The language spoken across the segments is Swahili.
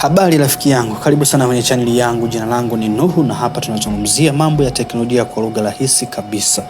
Habari rafiki yangu, karibu sana kwenye chaneli yangu. Jina langu ni Nuhu na hapa tunazungumzia mambo ya teknolojia kwa lugha rahisi kabisa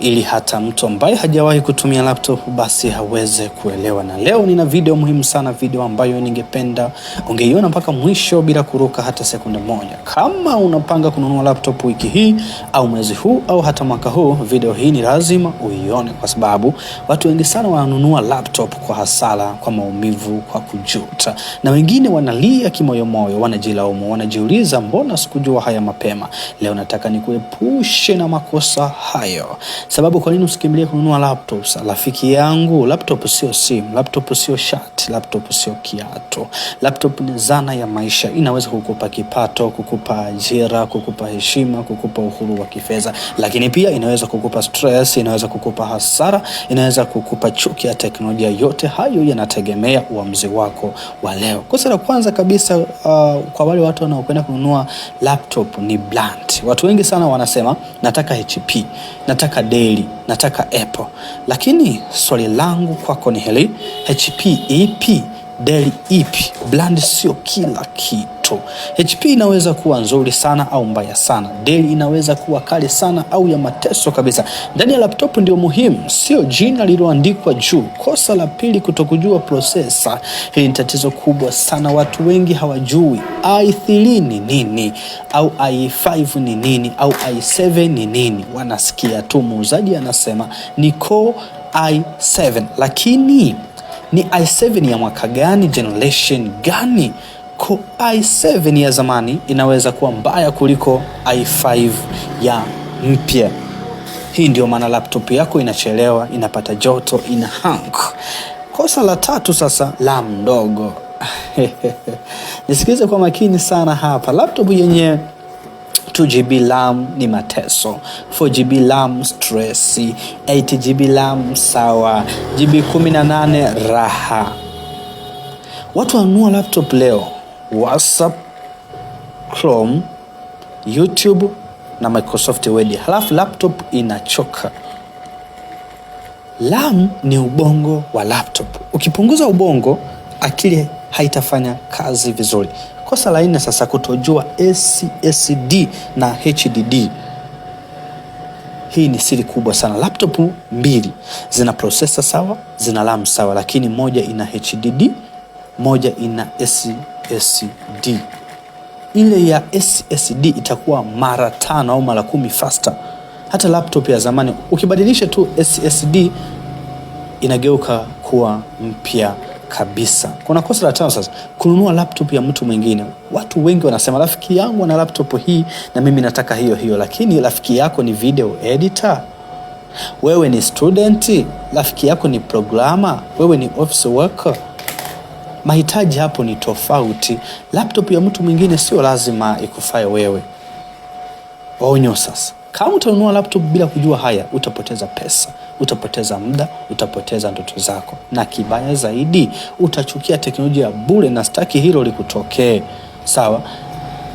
ili hata mtu ambaye hajawahi kutumia laptop basi haweze kuelewa. Na leo nina video muhimu sana, video ambayo ningependa ungeiona mpaka mwisho bila kuruka hata sekunde moja. Kama unapanga kununua laptop wiki hii au mwezi huu au hata mwaka huu, video hii ni lazima uione, kwa sababu watu wengi sana wananunua laptop kwa hasara, kwa maumivu, kwa kujuta, na wengine wanalia kimoyomoyo, wanajilaumu, wanajiuliza mbona sikujua haya mapema. Leo nataka nikuepushe na makosa hayo. Sababu kwa nini usikimbilie kununua laptops? Rafiki yangu, laptop sio simu, laptop sio shati, laptop sio kiato. Laptop ni zana ya maisha, inaweza kukupa kipato, kukupa ajira, kukupa heshima, kukupa uhuru wa kifedha, lakini pia inaweza kukupa stress, inaweza kukupa hasara, inaweza kukupa chuki ya teknolojia. Yote hayo yanategemea uamuzi wako wa leo. Kosa la kwanza kabisa, uh, kwa wale watu wanaokwenda kununua laptop ni blunt. Watu wengi sana wanasema nataka HP, nataka Dell, nataka Apple. Lakini swali langu kwako ni hili, HP ipi? E Dell ipi? E brand sio kila kitu tatu. HP inaweza kuwa nzuri sana au mbaya sana, Dell inaweza kuwa kali sana au ya mateso kabisa. Ndani ya laptop ndio muhimu, sio jina lililoandikwa juu. Kosa la pili, kutokujua prosesa. Hili ni tatizo kubwa sana, watu wengi hawajui i3 ni nini au i5 ni nini au i7 ni nini. Wanasikia tu muuzaji anasema ni core i7, lakini ni i7 ya mwaka gani? Generation gani? yako i7 ya zamani inaweza kuwa mbaya kuliko i5 ya mpya. Hii ndio maana laptop yako inachelewa, inapata joto, ina hang. Kosa la tatu sasa, la mdogo Nisikilize kwa makini sana hapa. Laptop yenye 2GB RAM ni mateso, 4GB RAM stress, 8GB RAM sawa, GB 18 raha. Watu wanunua laptop leo WhatsApp, Chrome, YouTube na Microsoft Word. Halafu laptop inachoka. RAM ni ubongo wa laptop. Ukipunguza ubongo, akili haitafanya kazi vizuri. Kosa la nne sasa, kutojua SSD na HDD. Hii ni siri kubwa sana. Laptop mbili zina processor sawa, zina RAM sawa, lakini moja ina HDD, moja ina SSD. SSD. Ile ya SSD itakuwa mara tano au mara kumi faster. Hata laptop ya zamani ukibadilisha tu SSD inageuka kuwa mpya kabisa. Kuna kosa la tano sasa, kununua laptop ya mtu mwingine. Watu wengi wanasema rafiki yangu ana laptop hii na mimi nataka hiyo hiyo, lakini rafiki yako ni video editor, wewe ni student, rafiki yako ni programmer, wewe ni office worker mahitaji hapo ni tofauti. Laptop ya mtu mwingine sio lazima ikufae wewe. Waonyo sasa, kama utanunua laptop bila kujua haya, utapoteza pesa, utapoteza muda, utapoteza ndoto zako, na kibaya zaidi, utachukia teknolojia ya bure, na sitaki hilo likutokee. Sawa,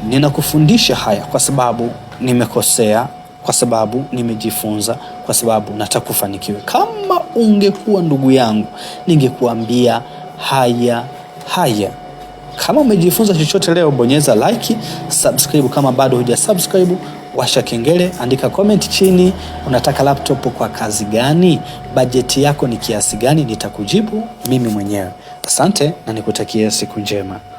ninakufundisha haya kwa sababu nimekosea, kwa sababu nimejifunza, kwa sababu nataka ufanikiwe. Kama ungekuwa ndugu yangu, ningekuambia haya Haya, kama umejifunza chochote leo, bonyeza like, subscribe kama bado huja subscribe, washa kengele, andika comment chini, unataka laptop kwa kazi gani? Bajeti yako ni kiasi gani? Nitakujibu mimi mwenyewe. Asante na nikutakie siku njema.